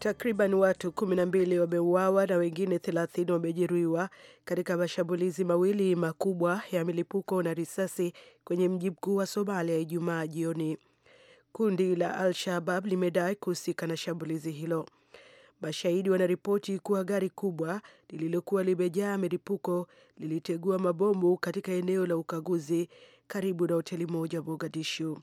Takriban watu 12 wameuawa na wengine 30 wamejeruhiwa katika mashambulizi mawili makubwa ya milipuko na risasi kwenye mji mkuu wa Somalia Ijumaa jioni. Kundi la Al-Shabab limedai kuhusika na shambulizi hilo. Mashahidi wanaripoti kuwa gari kubwa lililokuwa limejaa milipuko lilitegua mabomu katika eneo la ukaguzi karibu na hoteli moja Mogadishu.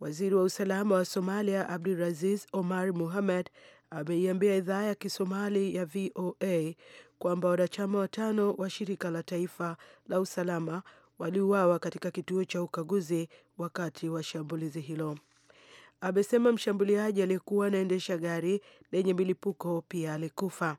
Waziri wa usalama wa Somalia Abdulaziz Omar Mohamed ameiambia idhaa ya Kisomali ya VOA kwamba wanachama watano wa shirika la taifa la usalama waliuawa katika kituo cha ukaguzi wakati wa shambulizi hilo. Amesema mshambuliaji aliyekuwa anaendesha gari lenye milipuko pia alikufa.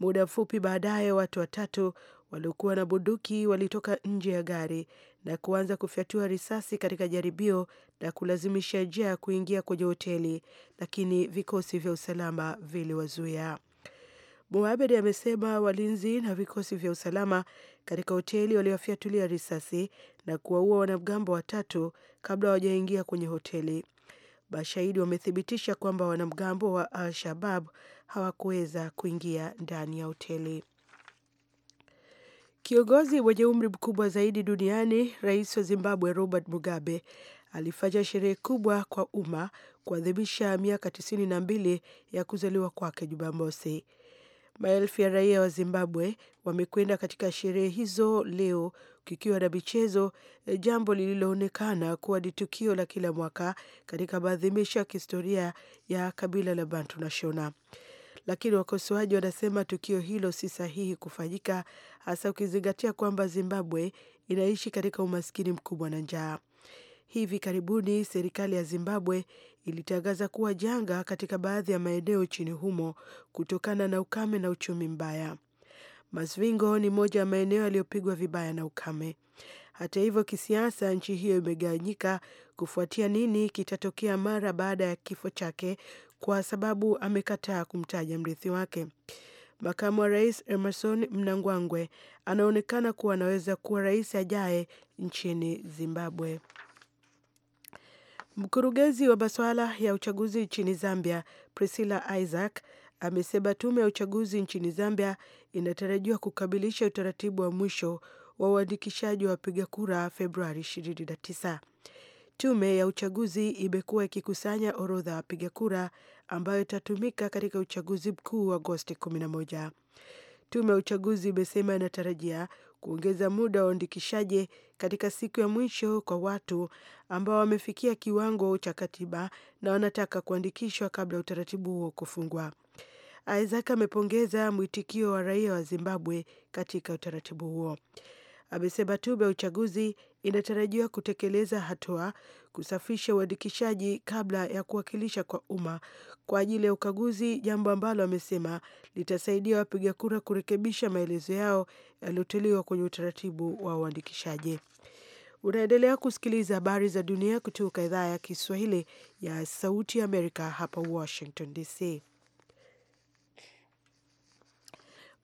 Muda mfupi baadaye, watu watatu waliokuwa na bunduki walitoka nje ya gari na kuanza kufyatua risasi katika jaribio la kulazimisha Jaa kuingia kwenye hoteli, lakini vikosi vya usalama viliwazuia. Muhamed amesema walinzi na vikosi vya usalama katika hoteli waliwafyatulia risasi na kuwaua wanamgambo watatu kabla hawajaingia kwenye hoteli. Mashahidi wamethibitisha kwamba wanamgambo wa Al-Shabab hawakuweza kuingia ndani ya hoteli. Kiongozi mwenye umri mkubwa zaidi duniani, Rais wa Zimbabwe Robert Mugabe alifanya sherehe kubwa kwa umma kuadhimisha miaka tisini na mbili ya kuzaliwa kwake Jumamosi. Maelfu ya raia wa Zimbabwe wamekwenda katika sherehe hizo leo kikiwa na michezo, jambo lililoonekana kuwa ni tukio la kila mwaka katika maadhimisho ya kihistoria ya kabila la Bantu na Shona lakini wakosoaji wanasema tukio hilo si sahihi kufanyika, hasa ukizingatia kwamba Zimbabwe inaishi katika umaskini mkubwa na njaa. Hivi karibuni serikali ya Zimbabwe ilitangaza kuwa janga katika baadhi ya maeneo nchini humo kutokana na ukame na uchumi mbaya. Masvingo ni moja ya maeneo yaliyopigwa vibaya na ukame. Hata hivyo, kisiasa nchi hiyo imegawanyika kufuatia nini kitatokea mara baada ya kifo chake kwa sababu amekataa kumtaja mrithi wake. Makamu wa rais Emerson Mnangagwa anaonekana kuwa anaweza kuwa rais ajaye nchini Zimbabwe. Mkurugenzi wa masuala ya uchaguzi nchini Zambia, Priscilla Isaac, amesema tume ya uchaguzi nchini Zambia inatarajiwa kukamilisha utaratibu wa mwisho wa uandikishaji wa wapiga kura Februari 29. Tume ya uchaguzi imekuwa ikikusanya orodha ya wapiga kura ambayo itatumika katika uchaguzi mkuu wa Agosti 11. Tume ya uchaguzi imesema inatarajia kuongeza muda wa uandikishaji katika siku ya mwisho kwa watu ambao wamefikia kiwango cha katiba na wanataka kuandikishwa kabla ya utaratibu huo kufungwa. Isaac amepongeza mwitikio wa raia wa Zimbabwe katika utaratibu huo. Amesema tume ya uchaguzi inatarajiwa kutekeleza hatua kusafisha uandikishaji kabla ya kuwakilisha kwa umma kwa ajili ya ukaguzi, jambo ambalo amesema litasaidia wapiga kura kurekebisha maelezo yao yaliyotolewa kwenye utaratibu wa uandikishaji. Unaendelea kusikiliza habari za dunia kutoka idhaa ya Kiswahili ya Sauti ya Amerika hapa Washington DC.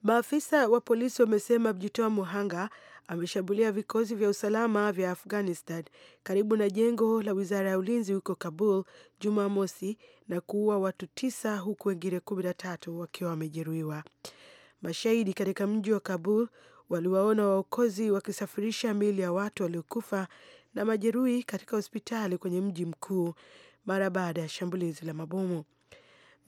Maafisa wa polisi wamesema mjitoa muhanga ameshambulia vikosi vya usalama vya Afghanistan karibu na jengo la wizara ya ulinzi huko Kabul Jumamosi na kuua watu tisa huku wengine tatu wakiwa wamejeruhiwa. Mashahidi katika mji wa Kabul waliwaona waokozi wakisafirisha miili ya watu waliokufa na majeruhi katika hospitali kwenye mji mkuu mara baada ya shambulizi la mabomu.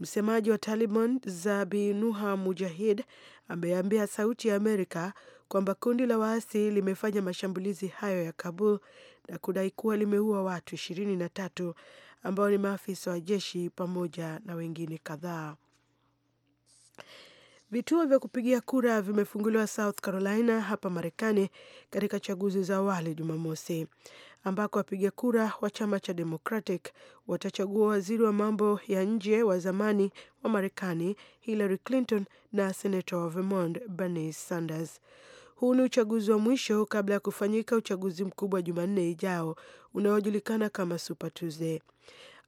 Msemaji wa Taliban Zabinuha Mujahid ameambia Sauti ya Amerika kwamba kundi la waasi limefanya mashambulizi hayo ya Kabul na kudai kuwa limeua watu ishirini na tatu ambao ni maafisa wa jeshi pamoja na wengine kadhaa. Vituo vya kupigia kura vimefunguliwa South Carolina hapa Marekani katika chaguzi za awali Jumamosi, ambako wapiga kura wa chama cha Democratic watachagua waziri wa mambo ya nje wa zamani wa Marekani Hillary Clinton na senata wa Vermont Bernie Sanders. Huu ni uchaguzi wa mwisho kabla ya kufanyika uchaguzi mkubwa Jumanne ijao unaojulikana kama Super Tuesday.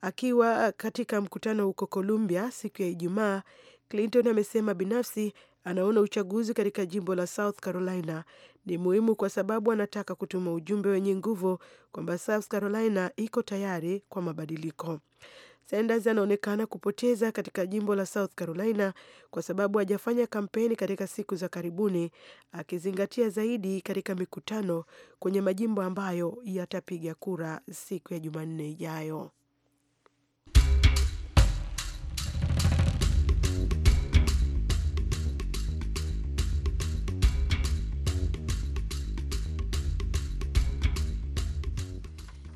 Akiwa katika mkutano huko Columbia siku ya Ijumaa, Clinton amesema binafsi anaona uchaguzi katika jimbo la South Carolina ni muhimu kwa sababu anataka kutuma ujumbe wenye nguvu kwamba South Carolina iko tayari kwa mabadiliko. Sanders anaonekana kupoteza katika jimbo la South Carolina kwa sababu hajafanya kampeni katika siku za karibuni, akizingatia zaidi katika mikutano kwenye majimbo ambayo yatapiga kura siku ya Jumanne ijayo.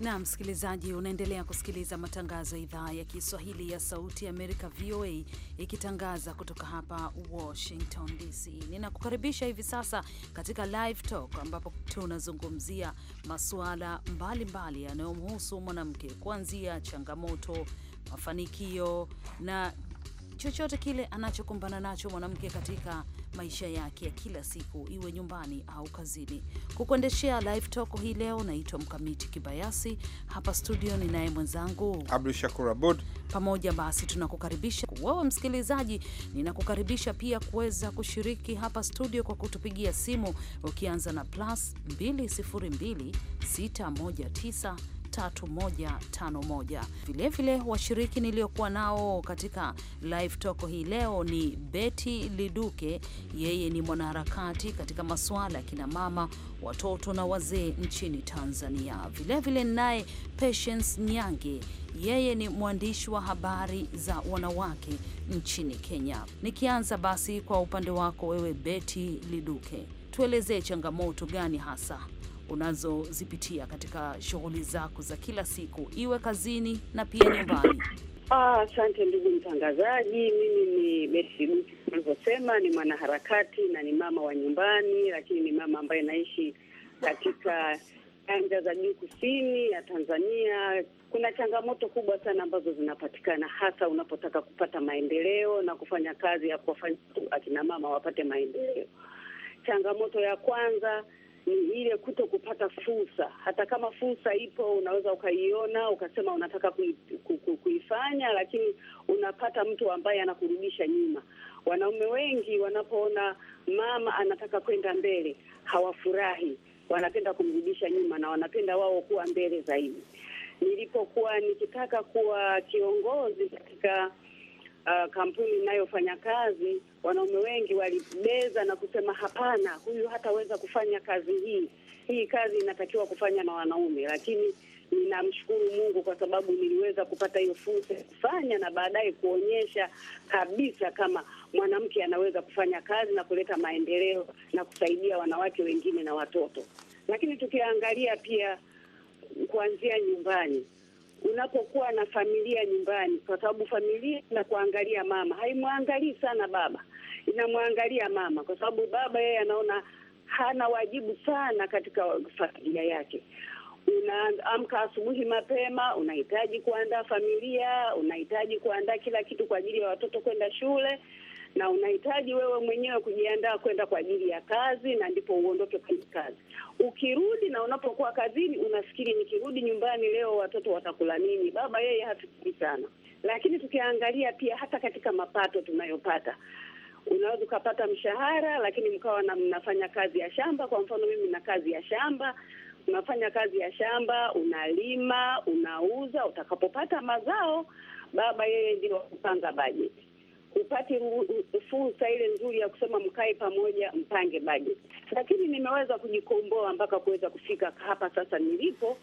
na msikilizaji, unaendelea kusikiliza matangazo ya idhaa ya Kiswahili ya Sauti ya Amerika, VOA, ikitangaza kutoka hapa Washington DC. Ninakukaribisha hivi sasa katika Live Talk ambapo tunazungumzia masuala mbalimbali yanayomhusu mwanamke, kuanzia changamoto, mafanikio na chochote kile anachokumbana nacho mwanamke katika maisha yake ya kila siku, iwe nyumbani au kazini. Kukuendeshea live talk hii leo naitwa Mkamiti Kibayasi, hapa studio ni naye mwenzangu Abdu Shakur Abud. Pamoja basi tunakukaribisha wewe msikilizaji, ninakukaribisha pia kuweza kushiriki hapa studio kwa kutupigia simu ukianza na plus 202 619 3151. Vilevile, washiriki niliyokuwa nao katika live talk hii leo ni Betty Liduke, yeye ni mwanaharakati katika masuala ya kinamama, watoto na wazee nchini Tanzania. Vilevile naye Patience Nyange, yeye ni mwandishi wa habari za wanawake nchini Kenya. Nikianza basi kwa upande wako wewe Betty Liduke, tuelezee changamoto gani hasa unazozipitia katika shughuli zako za kila siku, iwe kazini na pia nyumbani? Ah, asante ah, ndugu mtangazaji. Mimi ni Mesi Buti ulivyosema, ni mwanaharakati na ni mama wa nyumbani, lakini ni mama ambaye naishi katika nyanja za juu kusini ya Tanzania. Kuna changamoto kubwa sana ambazo zinapatikana hasa unapotaka kupata maendeleo na kufanya kazi ya kuwafanya akina mama wapate maendeleo. Changamoto ya kwanza ni ile kuto kupata fursa. Hata kama fursa ipo, unaweza ukaiona ukasema unataka kuifanya, lakini unapata mtu ambaye anakurudisha nyuma. Wanaume wengi wanapoona mama anataka kwenda mbele hawafurahi, wanapenda kumrudisha nyuma na wanapenda wao kuwa mbele zaidi. Nilipokuwa nikitaka kuwa kiongozi katika uh, kampuni inayofanya kazi, wanaume wengi walibeza na kusema hapana, huyu hataweza kufanya kazi hii, hii kazi inatakiwa kufanya na wanaume. Lakini ninamshukuru Mungu kwa sababu niliweza kupata hiyo fursa ya kufanya na baadaye kuonyesha kabisa kama mwanamke anaweza kufanya kazi na kuleta maendeleo na kusaidia wanawake wengine na watoto. Lakini tukiangalia pia kuanzia nyumbani unapokuwa na familia nyumbani, kwa sababu familia na kuangalia mama haimwangalii sana baba, inamwangalia mama, kwa sababu baba yeye anaona hana wajibu sana katika familia yake. Unaamka asubuhi mapema, unahitaji kuandaa familia, unahitaji kuandaa kila kitu kwa ajili ya watoto kwenda shule na unahitaji wewe mwenyewe kujiandaa kwenda kwa ajili ya kazi, na ndipo uondoke kwenye kazi. Ukirudi na unapokuwa kazini, unafikiri nikirudi nyumbani leo watoto watakula nini? Baba yeye hafikiri sana, lakini tukiangalia pia hata katika mapato tunayopata unaweza ukapata mshahara lakini mkawa na mnafanya kazi ya shamba. Kwa mfano mimi na kazi ya shamba, unafanya kazi ya shamba, unalima, unauza. Utakapopata mazao, baba yeye ndio kupanga bajeti upate fursa ile nzuri ya kusema mkae pamoja mpange bajeti. Lakini nimeweza kujikomboa mpaka kuweza kufika hapa sasa nilipo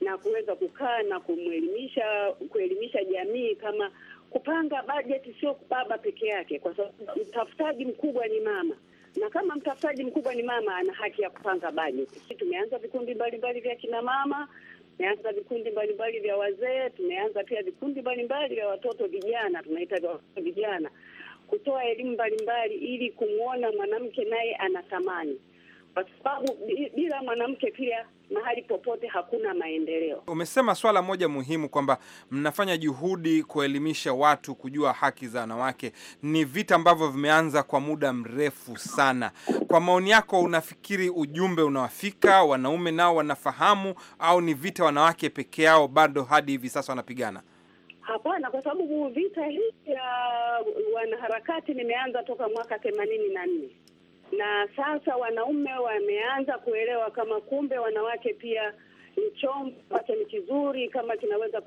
na kuweza kukaa na kumwelimisha kuelimisha jamii kama kupanga bajeti sio baba peke yake, kwa sababu mtafutaji mkubwa ni mama, na kama mtafutaji mkubwa ni mama, ana haki ya kupanga bajeti. Tumeanza vikundi mbalimbali vya kina mama tumeanza vikundi mbalimbali vya wazee, tumeanza pia vikundi mbalimbali vya watoto vijana, tunaita vya watoto vijana, kutoa elimu mbalimbali ili kumwona mwanamke naye ana thamani kwa sababu bila mwanamke pia mahali popote hakuna maendeleo. Umesema swala moja muhimu kwamba mnafanya juhudi kuelimisha watu kujua haki za wanawake. Ni vita ambavyo vimeanza kwa muda mrefu sana. Kwa maoni yako, unafikiri ujumbe unawafika wanaume, nao wanafahamu, au ni vita wanawake peke yao bado hadi hivi sasa wanapigana? Hapana, kwa sababu vita hii ya wanaharakati nimeanza toka mwaka themanini na nne na sasa wanaume wameanza kuelewa kama kumbe wanawake pia ni chombo ambacho ni kizuri, kama kinaweza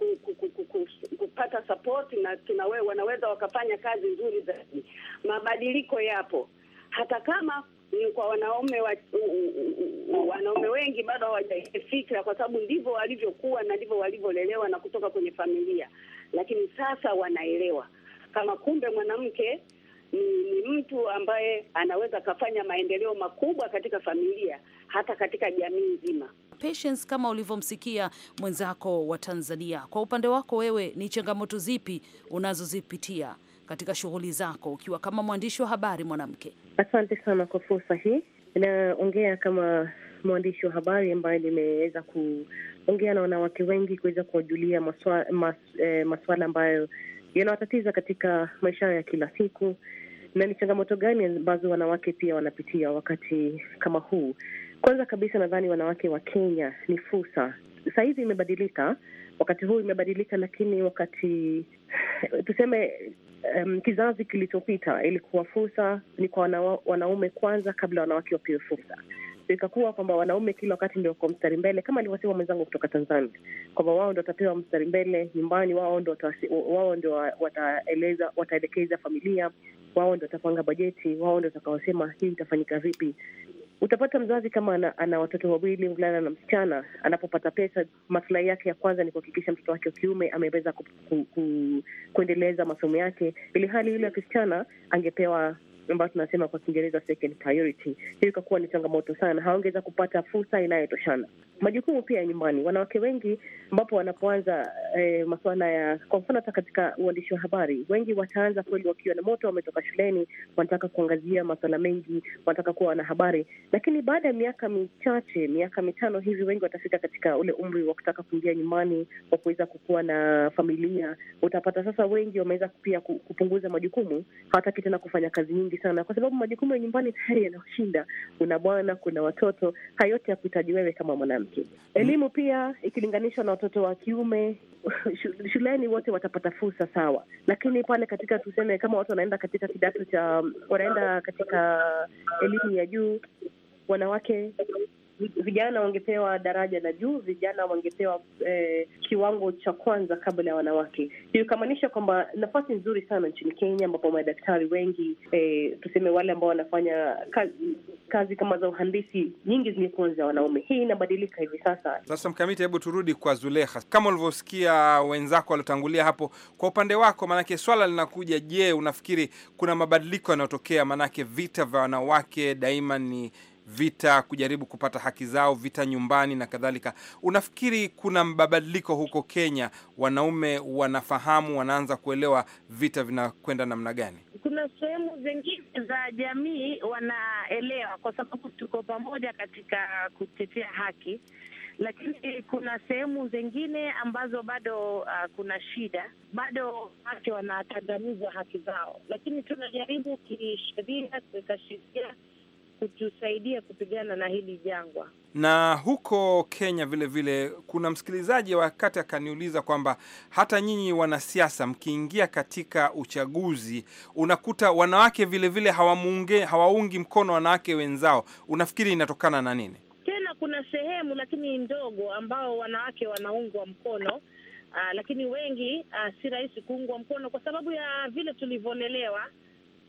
kupata sapoti na kinawe, wanaweza wakafanya kazi nzuri zaidi. Mabadiliko yapo hata kama ni kwa wanaume wa, u, u, u, wanaume wengi bado hawajafikira, kwa sababu ndivyo walivyokuwa na ndivyo walivyolelewa na kutoka kwenye familia, lakini sasa wanaelewa kama kumbe mwanamke ni, ni mtu ambaye anaweza akafanya maendeleo makubwa katika familia hata katika jamii nzima. Patience, kama ulivyomsikia mwenzako wa Tanzania, kwa upande wako wewe, ni changamoto zipi unazozipitia katika shughuli zako ukiwa kama mwandishi wa habari mwanamke? Asante sana kwa fursa hii. Naongea kama mwandishi wa habari ambaye nimeweza kuongea na wanawake wengi kuweza kuwajulia maswa, mas, eh, maswala ambayo yanawatatiza katika maisha ya kila siku na ni changamoto gani ambazo wanawake pia wanapitia wakati kama huu? Kwanza kabisa, nadhani wanawake wa Kenya ni fursa. Saa hizi imebadilika, wakati huu imebadilika, lakini wakati tuseme um, kizazi kilichopita ilikuwa fursa ni kwa wana, wanaume kwanza kabla wanawake wapewe fursa ikakuwa kwamba wanaume kila wakati ndio kwa mstari mbele, kama alivyosema mwenzangu kutoka Tanzania kwamba wao ndio watapewa mstari mbele nyumbani, wao ndio wao ndio wataeleza, wataelekeza familia, wao ndio watapanga bajeti, wao ndio watakaosema hii itafanyika vipi. Utapata mzazi kama ana, ana watoto wawili, mvulana na msichana, anapopata pesa, maslahi yake ya kwanza ni kuhakikisha mtoto wake wa kiume ameweza ku, ku, ku, kuendeleza masomo yake, ili hali yule ya kisichana angepewa ambayo tunasema kwa Kiingereza second priority. Hiyo ikakuwa ni changamoto sana, hawangeweza kupata fursa inayotoshana. Majukumu pia ya nyumbani, wanawake wengi ambapo wanapoanza eh, masuala ya kwa mfano, hata katika uandishi wa habari, wengi wataanza kweli wakiwa na moto, wametoka shuleni, wanataka kuangazia masuala mengi, wanataka kuwa wanahabari, lakini baada ya miaka michache, miaka mitano hivi, wengi watafika katika ule umri wa kutaka kuingia nyumbani, wa kuweza kukuwa na familia. Utapata sasa wengi wameweza pia kupunguza majukumu, hawataki tena kufanya kazi nyingi mengi sana, kwa sababu majukumu ya nyumbani tayari yanashinda. Kuna bwana, kuna watoto, hayote yote yakuhitaji wewe kama mwanamke. Elimu pia ikilinganishwa na watoto wa kiume shuleni, wote watapata fursa sawa, lakini pale katika tuseme, kama watu wanaenda katika kidato cha, wanaenda katika elimu ya juu, wanawake vijana wangepewa daraja la juu, vijana wangepewa eh, kiwango cha kwanza kabla ya wanawake. Hiyo ikamaanisha kwamba nafasi nzuri sana nchini Kenya, ambapo madaktari wengi eh, tuseme wale ambao wanafanya kazi, kazi kama za uhandisi nyingi zimekuwa za wanaume. Hii inabadilika hivi sasa. Sasa Mkamiti, hebu turudi kwa Zuleha. kama ulivyosikia wenzako waliotangulia hapo, kwa upande wako, maanake swala linakuja, je, unafikiri kuna mabadiliko yanayotokea? Maanake vita vya wanawake daima ni vita kujaribu kupata haki zao, vita nyumbani na kadhalika. Unafikiri kuna mabadiliko huko Kenya? Wanaume wanafahamu, wanaanza kuelewa vita vinakwenda namna gani? Kuna sehemu zingine za jamii wanaelewa, kwa sababu tuko pamoja katika kutetea haki, lakini kuna sehemu zingine ambazo bado uh, kuna shida, bado wake wanakandamizwa haki zao, lakini tunajaribu kisheria, kuweka sheria kutusaidia kupigana na hili jangwa. Na huko Kenya vile vile kuna msikilizaji wakati akaniuliza kwamba hata nyinyi wanasiasa mkiingia katika uchaguzi unakuta wanawake vile vile hawamuunge hawaungi mkono wanawake wenzao, unafikiri inatokana na nini? Tena kuna sehemu lakini ndogo ambao wanawake wanaungwa mkono. Aa, ah, lakini wengi aa, ah, si rahisi kuungwa mkono kwa sababu ya vile tulivyolelewa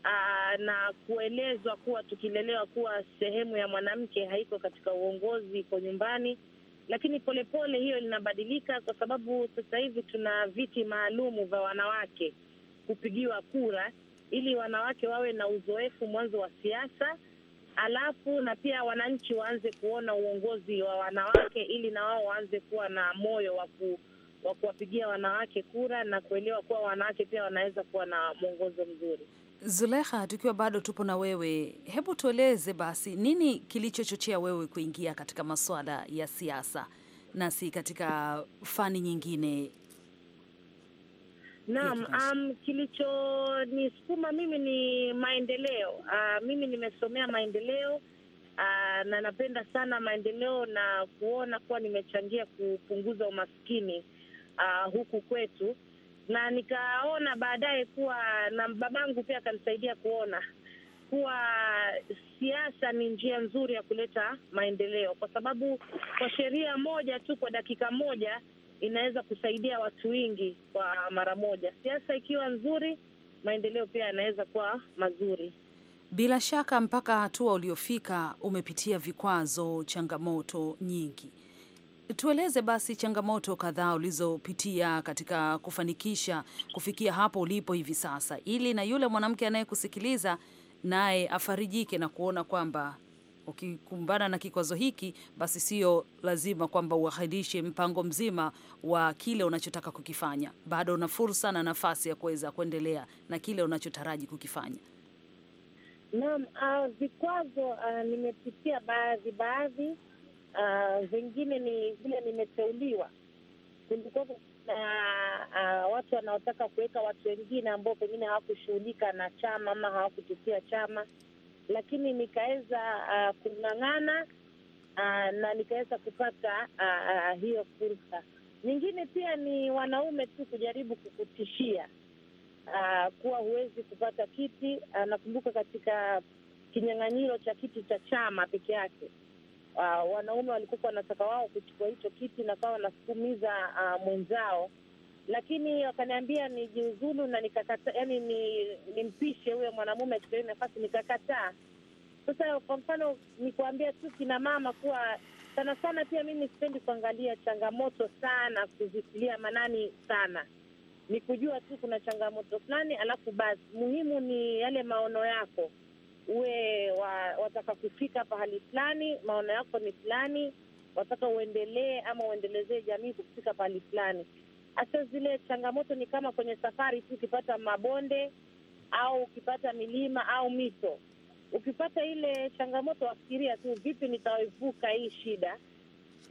aa, ah, na kuelezwa kuwa tukilelewa kuwa sehemu ya mwanamke haiko katika uongozi, kwa nyumbani. Lakini polepole pole hiyo linabadilika, kwa sababu sasa hivi tuna viti maalumu vya wanawake kupigiwa kura ili wanawake wawe na uzoefu mwanzo wa siasa, alafu na pia wananchi waanze kuona uongozi wa wanawake ili na wao waanze kuwa na moyo wa wa kuwapigia wanawake kura na kuelewa kuwa wanawake pia wanaweza kuwa na mwongozo mzuri. Zulekha, tukiwa bado tupo na wewe, hebu tueleze basi nini kilichochochea wewe kuingia katika masuala ya siasa na si katika fani nyingine? Naam, um, kilichonisukuma mimi ni maendeleo. Uh, mimi nimesomea maendeleo uh, na napenda sana maendeleo na kuona kuwa nimechangia kupunguza umaskini uh, huku kwetu na nikaona baadaye kuwa na babangu pia akanisaidia kuona kuwa siasa ni njia nzuri ya kuleta maendeleo, kwa sababu kwa sheria moja tu, kwa dakika moja inaweza kusaidia watu wengi kwa mara moja. Siasa ikiwa nzuri, maendeleo pia yanaweza kuwa mazuri. Bila shaka, mpaka hatua uliofika umepitia vikwazo, changamoto nyingi. Tueleze basi changamoto kadhaa ulizopitia katika kufanikisha kufikia hapo ulipo hivi sasa, ili na yule mwanamke anayekusikiliza naye afarijike na kuona kwamba ukikumbana na kikwazo hiki, basi sio lazima kwamba uahirishe mpango mzima wa kile unachotaka kukifanya. Bado una fursa na nafasi ya kuweza kuendelea na kile unachotaraji kukifanya. Naam, uh, vikwazo uh, nimepitia baadhi baadhi Uh, vingine ni vile nimeteuliwa, kulikuwa na uh, uh, watu wanaotaka kuweka watu wengine ambao pengine hawakushughulika na chama ama hawakutukia chama, lakini nikaweza uh, ah, kung'ang'ana uh, na nikaweza kupata uh, uh, hiyo fursa. Nyingine pia ni wanaume tu kujaribu kukutishia uh, kuwa huwezi kupata kiti. Anakumbuka uh, katika kinyang'anyiro cha kiti cha chama peke yake uh, wanaume walikuwa wanataka wao kuchukua hicho kiti na kawa wanasukumiza uh, mwenzao, lakini wakaniambia nijiuzulu na nikakataa, yani ni, nimpishe huyo mwanamume achukue hiyo nafasi, nikakataa. Sasa kwa mfano ni kuambia tu kina mama kuwa sana sana, pia mimi sipendi kuangalia changamoto sana, kuzitilia manani sana, ni kujua tu kuna changamoto fulani alafu basi, muhimu ni yale maono yako uwe wa, wataka kufika pahali fulani, maono yako ni fulani, wataka uendelee ama uendelezee jamii kufika pahali fulani. Hasa zile changamoto ni kama kwenye safari tu, ukipata mabonde au ukipata milima au mito, ukipata ile changamoto, wafikiria tu, vipi nitaivuka hii shida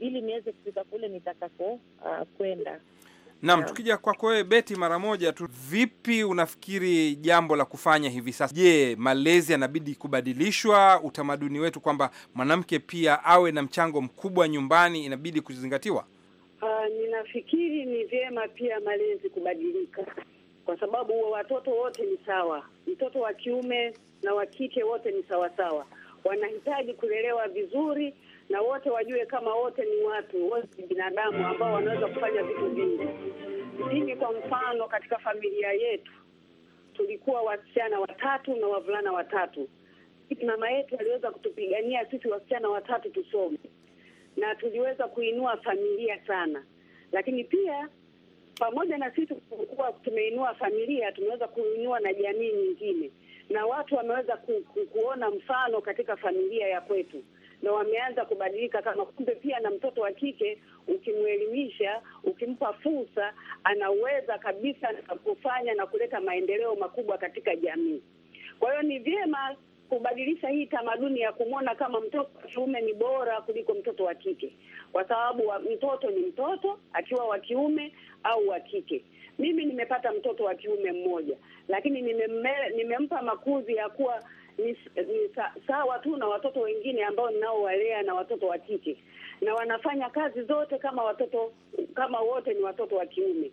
ili niweze kufika kule nitakako uh, kwenda. Naam, tukija kwako wewe Beti, mara moja tu, vipi unafikiri jambo la kufanya hivi sasa? Je, malezi yanabidi kubadilishwa, utamaduni wetu kwamba mwanamke pia awe na mchango mkubwa nyumbani inabidi kuzingatiwa? Uh, ninafikiri ni vyema pia malezi kubadilika, kwa sababu watoto wote ni sawa, mtoto wa kiume na wa kike wote ni sawasawa, wanahitaji kulelewa vizuri na wote wajue kama wote ni watu, wote ni binadamu ambao wanaweza kufanya vitu vingi. Mimi kwa mfano, katika familia yetu tulikuwa wasichana watatu na wavulana watatu. Mama yetu aliweza kutupigania sisi wasichana watatu tusome, na tuliweza kuinua familia sana, lakini pia pamoja na sisi kuwa tumeinua familia, tumeweza kuinua na jamii nyingine, na watu wameweza ku, ku, kuona mfano katika familia ya kwetu na wameanza kubadilika, kama kumbe pia na mtoto wa kike ukimwelimisha, ukimpa fursa, anaweza kabisa na kufanya na kuleta maendeleo makubwa katika jamii. Kwa hiyo ni vyema kubadilisha hii tamaduni ya kumwona kama mtoto wa kiume ni bora kuliko mtoto wa kike, kwa sababu wa mtoto ni mtoto akiwa wa kiume au wa kike. Mimi nimepata mtoto wa kiume mmoja, lakini nimempa makuzi ya kuwa ni, ni sa, sawa tu na watoto wengine ambao ninaowalea na watoto wa kike, na wanafanya kazi zote kama watoto kama wote ni watoto wa kiume,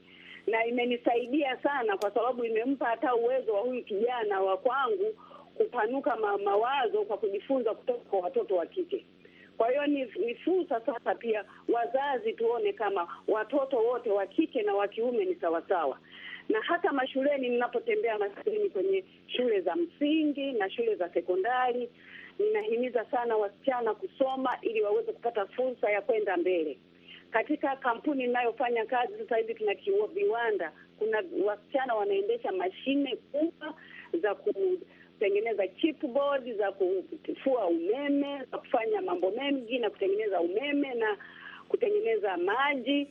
na imenisaidia sana kwa sababu imempa hata uwezo wa huyu kijana wa kwangu kupanuka ma, mawazo kwa kujifunza kutoka kwa watoto wa kike. Kwa hiyo ni, ni fursa sasa pia wazazi tuone kama watoto wote wa kike na wa kiume ni sawasawa, na hata mashuleni ninapotembea maskini kwenye shule za msingi na shule za sekondari, ninahimiza sana wasichana kusoma ili waweze kupata fursa ya kwenda mbele. Katika kampuni inayofanya kazi sasa hivi tuna viwanda, kuna wasichana wanaendesha mashine kubwa za kutengeneza chipboard, za kufua umeme, za kufanya mambo mengi na kutengeneza umeme na kutengeneza maji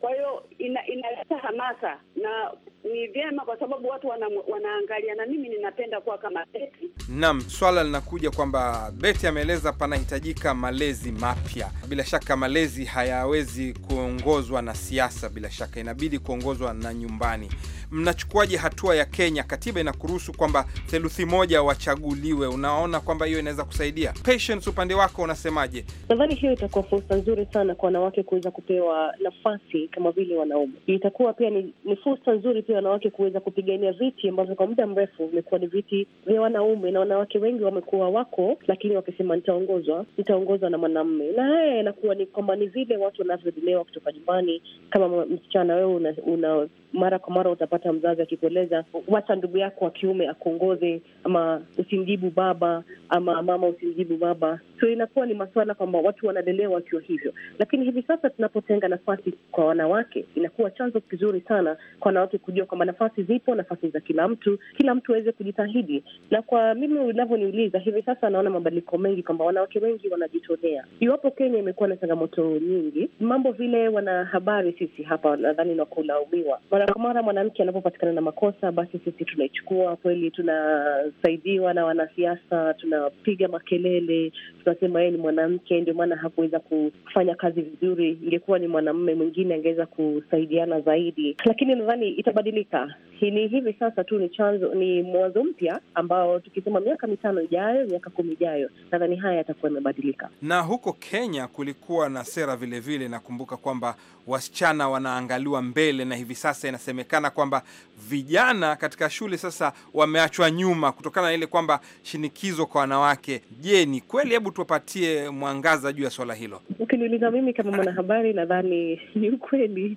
kwa hiyo ina, inaleta hamasa na ni vyema kwa sababu watu wana, wanaangalia na mimi ninapenda kuwa kama Beti. Naam, swala linakuja kwamba Beti ameeleza panahitajika malezi mapya. Bila shaka malezi hayawezi kuongozwa na siasa, bila shaka inabidi kuongozwa na nyumbani. Mnachukuaje hatua ya Kenya? Katiba inakuruhusu kwamba theluthi moja wachaguliwe. Unaona kwamba hiyo inaweza kusaidia? Patience, upande wako unasemaje? Nadhani hiyo itakuwa fursa nzuri sana kwa wanawake kuweza kupewa nafasi kama vile wanaume. Itakuwa pia ni, ni fursa nzuri pia wanawake kuweza kupigania viti ambavyo kwa muda mrefu vimekuwa ni viti vya wanaume, na wanawake wengi wamekuwa wako, lakini wakisema nitaongozwa, nitaongozwa na mwanamme, na haya yanakuwa ni kwamba ni vile watu wanavyolelewa kutoka nyumbani. Kama msichana wewe una, una mara kwa mara utapata mzazi akikueleza wacha ndugu yako wa kiume akuongoze, ama usimjibu baba, ama mama usimjibu baba. So inakuwa ni masuala kwamba watu wanalelewa wakiwa hivyo, lakini hivi sasa tunapotenga nafasi kwa wanawake inakuwa chanzo kizuri sana kwa wanawake kujua kwamba nafasi zipo, nafasi za kila mtu, kila mtu aweze kujitahidi. Na kwa mimi unavyoniuliza, hivi sasa naona mabadiliko mengi kwamba wanawake wengi wanajitolea. Iwapo Kenya imekuwa na changamoto nyingi, mambo vile wanahabari sisi hapa nadhani na kulaumiwa mara kwa mara. Mwanamke anapopatikana na makosa, basi sisi tunaichukua kweli, tunasaidiwa na wanasiasa, tunapiga makelele, tunasema yeye ni mwanamke, ndio maana hakuweza kufanya kazi vizuri. Ingekuwa ni mwanamme mwingine wangeweza kusaidiana zaidi, lakini nadhani itabadilika. Ni hivi sasa tu ni chanzo, ni mwanzo mpya ambao tukisema miaka mitano ijayo, miaka kumi ijayo, nadhani haya yatakuwa yamebadilika. Na huko Kenya kulikuwa na sera vilevile, nakumbuka kwamba wasichana wanaangaliwa mbele, na hivi sasa inasemekana kwamba vijana katika shule sasa wameachwa nyuma kutokana na ile kwamba shinikizo kwa wanawake. Je, ni kweli? Hebu tuwapatie mwangaza juu ya swala hilo. Ukiniuliza mimi kama mwanahabari, nadhani ni ukweli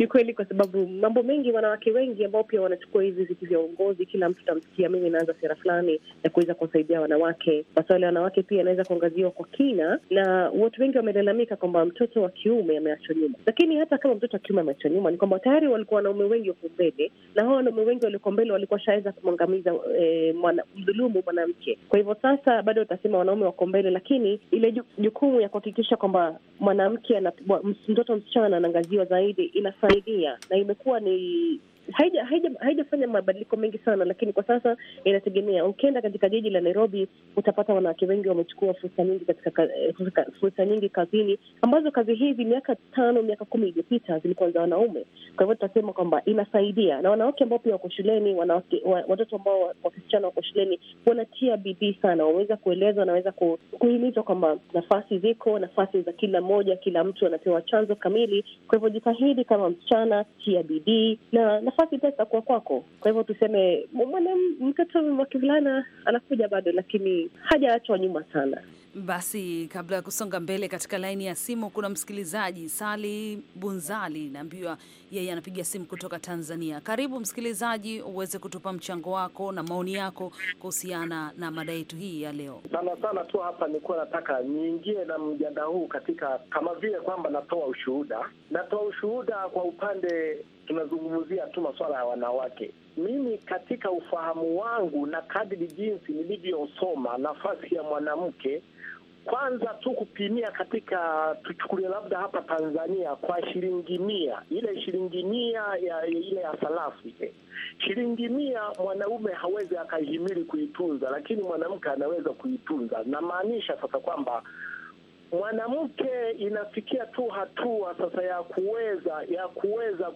ni kweli kwa sababu mambo mengi, wanawake wengi ambao pia wanachukua hizi viti vya uongozi, kila mtu tamsikia, mimi naanza sera fulani ya kuweza kuwasaidia wanawake. maswala ya wanawake pia yanaweza kuangaziwa kwa kina, na watu wengi wamelalamika kwamba mtoto wa kiume ameachwa nyuma. Lakini hata kama mtoto wa kiume ameachwa nyuma, ni kwamba tayari walikuwa wanaume wengi wako mbele, na hao wanaume wengi walikuwa mbele walikuwa shaweza kumwangamiza e, mwana, mdhulumu mwanamke. Kwa hivyo sasa bado utasema wanaume wako mbele, lakini ile jukumu ya kuhakikisha kwamba mwanamke, mtoto msichana anaangaziwa zaidi inafa kusaidia, na imekuwa ni haijafanya haija, haija mabadiliko mengi sana, lakini kwa sasa inategemea. Ukienda katika jiji la Nairobi utapata wanawake wengi wamechukua fursa nyingi katika eh, fursa nyingi kazini, ambazo kazi hizi miaka tano miaka kumi iliyopita zilikuwa za wanaume. Kwa hivyo tutasema kwamba inasaidia, na wanawake ambao pia wako shuleni, wanawake watoto ambao wasichana wako shuleni wanatia bidii sana, wameweza kuelezwa, wanaweza kuhimizwa kwamba nafasi ziko, nafasi za kila moja, kila mtu anapewa chanzo kamili. Kwa hivyo jitahidi kama msichana, tia bidii na nafasi hakosi pesa kwa kwako. Kwa hivyo tuseme mwana mtoto wa kivulana anakuja bado, lakini hajaachwa nyuma sana. Basi kabla ya kusonga mbele katika laini ya simu, kuna msikilizaji Sali Bunzali, naambiwa yeye anapiga simu kutoka Tanzania. Karibu msikilizaji, uweze kutupa mchango wako na maoni yako kuhusiana na mada yetu hii ya leo. Sana sana tu hapa nilikuwa nataka niingie na mjadala huu katika, kama vile kwamba natoa ushuhuda, natoa ushuhuda kwa upande tunazungumzia tu masuala ya wanawake. Mimi katika ufahamu wangu na kadri jinsi nilivyosoma nafasi ya mwanamke, kwanza tu kupimia katika, tuchukulie labda hapa Tanzania kwa shilingi mia, ile shilingi mia ya ile ya sarafu ile shilingi mia, mwanaume hawezi akahimiri kuitunza, lakini mwanamke anaweza kuitunza. Namaanisha sasa kwamba mwanamke inafikia tu hatua sasa ya kuweza ya kuweza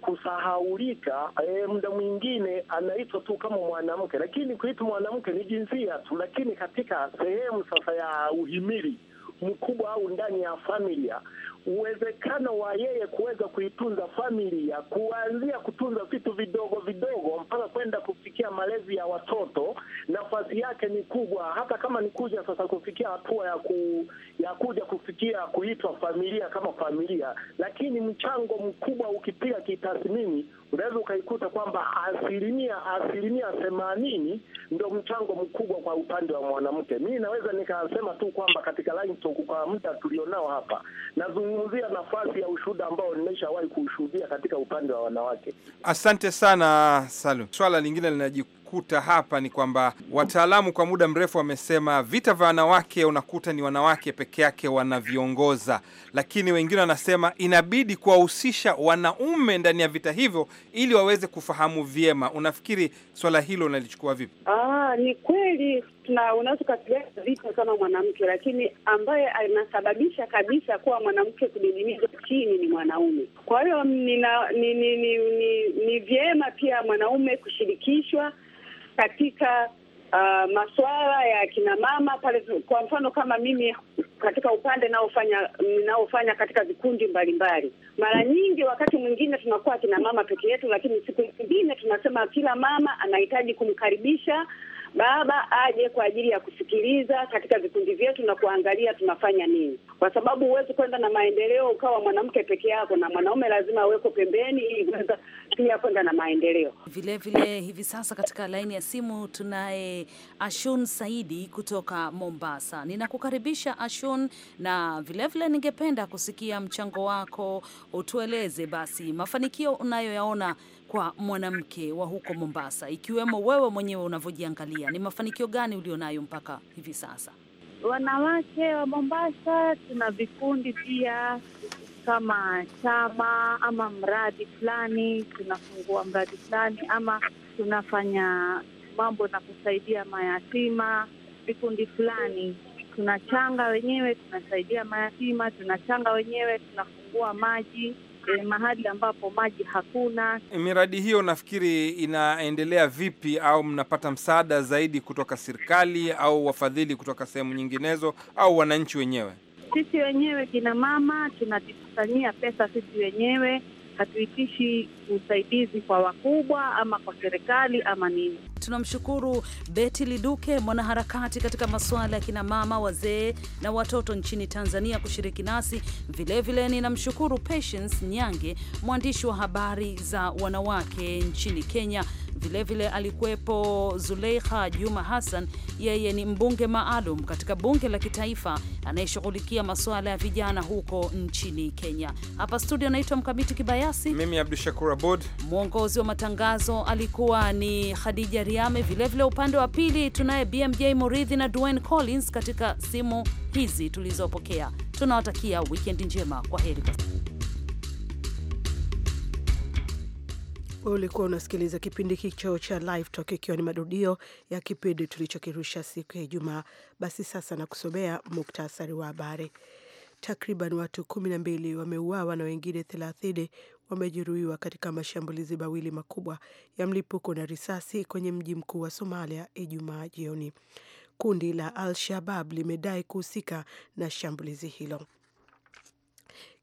kusahaulika. E, muda mwingine anaitwa tu kama mwanamke, lakini kuitwa mwanamke ni jinsia tu, lakini katika sehemu sasa ya uhimili mkubwa au ndani ya familia uwezekano wa yeye kuweza kuitunza familia, kuanzia kutunza vitu vidogo vidogo mpaka kwenda kufikia malezi ya watoto, nafasi yake ni kubwa, hata kama ni kuja sasa kufikia hatua ya, ku, ya kuja kufikia kuitwa familia kama familia, lakini mchango mkubwa ukipiga kitathmini unaweza ukaikuta kwamba asilimia asilimia themanini ndo mchango mkubwa kwa upande wa mwanamke. Mi naweza nikasema tu kwamba katika line kwa muda tulionao hapa, nazungumzia nafasi ya ushuhuda ambao nimeshawahi kuushuhudia katika upande wa wanawake. Asante sana Salu. Swala lingine linaji unakuta hapa ni kwamba wataalamu kwa muda mrefu wamesema vita vya wanawake, unakuta ni wanawake peke yake wanaviongoza, lakini wengine wanasema inabidi kuwahusisha wanaume ndani ya vita hivyo ili waweze kufahamu vyema. Unafikiri swala hilo unalichukua vipi? Ah, ni kweli na unaweza ukapigana vita kama mwanamke, lakini ambaye anasababisha kabisa kuwa mwanamke kudidimizwa chini ni mwanaume. Kwa hiyo ni, ni, ni, ni, ni vyema pia mwanaume kushirikishwa katika uh, masuala ya kina mama pale. Kwa mfano kama mimi katika upande naofanya naofanya katika vikundi mbalimbali, mara nyingi wakati mwingine tunakuwa kina mama peke yetu, lakini siku nyingine tunasema kila mama anahitaji kumkaribisha baba aje kwa ajili ya kusikiliza katika vikundi vyetu na kuangalia tunafanya nini, kwa sababu huwezi kwenda na maendeleo ukawa mwanamke peke yako, na mwanaume lazima aweko pembeni ili kuweza pia kwenda na maendeleo vilevile vile. Hivi sasa katika laini ya simu tunaye Ashun Saidi kutoka Mombasa. Ninakukaribisha Ashun, na vilevile ningependa kusikia mchango wako, utueleze basi mafanikio unayoyaona kwa mwanamke wa huko Mombasa, ikiwemo wewe mwenyewe unavyojiangalia, ni mafanikio gani ulionayo mpaka hivi sasa? Wanawake wa Mombasa tuna vikundi pia kama chama ama mradi fulani, tunafungua mradi fulani ama tunafanya mambo na kusaidia mayatima. Vikundi fulani tunachanga wenyewe, tunasaidia mayatima, tunachanga wenyewe, tunafungua maji eh, mahali ambapo maji hakuna. Miradi hiyo nafikiri inaendelea vipi, au mnapata msaada zaidi kutoka serikali au wafadhili kutoka sehemu nyinginezo au wananchi wenyewe? Sisi wenyewe kina mama tunajikusanyia pesa sisi wenyewe, hatuitishi usaidizi kwa wakubwa ama kwa serikali ama nini tunamshukuru Beti Liduke, mwanaharakati katika masuala ya kinamama, wazee na watoto nchini Tanzania, kushiriki nasi vilevile. Ninamshukuru Patience Nyange, mwandishi wa habari za wanawake nchini Kenya. Vilevile alikuwepo Zuleikha Juma Hassan, yeye ni mbunge maalum katika bunge la kitaifa anayeshughulikia masuala ya vijana huko nchini Kenya. Hapa studio anaitwa Mkamiti Kibayasi, mimi Shakur Abud. Mwongozi wa matangazo alikuwa ni Khadija Mariame. Vilevile upande wa pili tunaye BMJ Muridhi na Dwayne Collins katika simu hizi tulizopokea. Tunawatakia wikendi njema, kwa heri. Ulikuwa unasikiliza kipindi hicho cha Live Talk ikiwa ni marudio ya kipindi tulichokirusha siku ya Ijumaa. Basi sasa na kusomea muktasari wa habari. Takriban watu kumi na mbili wameuawa na wengine thelathini wamejeruhiwa katika mashambulizi mawili makubwa ya mlipuko na risasi kwenye mji mkuu wa Somalia Ijumaa jioni. Kundi la Al-Shabab limedai kuhusika na shambulizi hilo.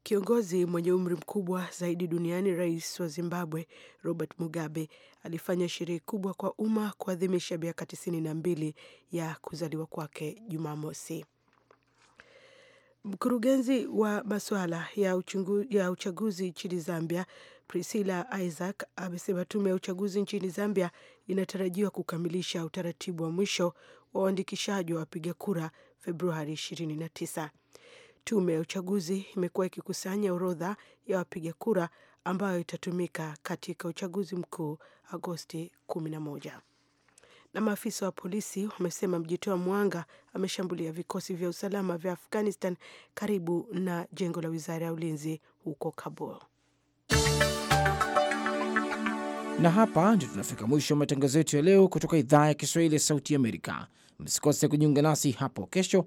Kiongozi mwenye umri mkubwa zaidi duniani, rais wa Zimbabwe Robert Mugabe alifanya sherehe kubwa kwa umma kuadhimisha miaka tisini na mbili ya kuzaliwa kwake Jumamosi. Mkurugenzi wa masuala ya, ya uchaguzi nchini Zambia, Priscilla Isaac, amesema tume ya uchaguzi nchini Zambia inatarajiwa kukamilisha utaratibu wa mwisho wa uandikishaji wa wapiga kura Februari 29. Tume ya uchaguzi imekuwa ikikusanya orodha ya wapiga kura ambayo itatumika katika uchaguzi mkuu Agosti 11 na maafisa wa polisi wamesema mjitoa mwanga ameshambulia vikosi vya usalama vya Afghanistan karibu na jengo la wizara ya ulinzi huko Kabul. Na hapa ndio tunafika mwisho wa matangazo yetu ya leo kutoka idhaa ya Kiswahili ya Sauti Amerika. Msikose kujiunga nasi hapo kesho